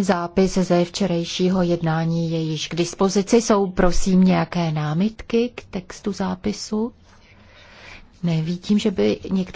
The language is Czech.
Zápis ze včerejšího jednání je již k dispozici. Jsou prosím nějaké námitky k textu zápisu? Nevidím, že by někdo něco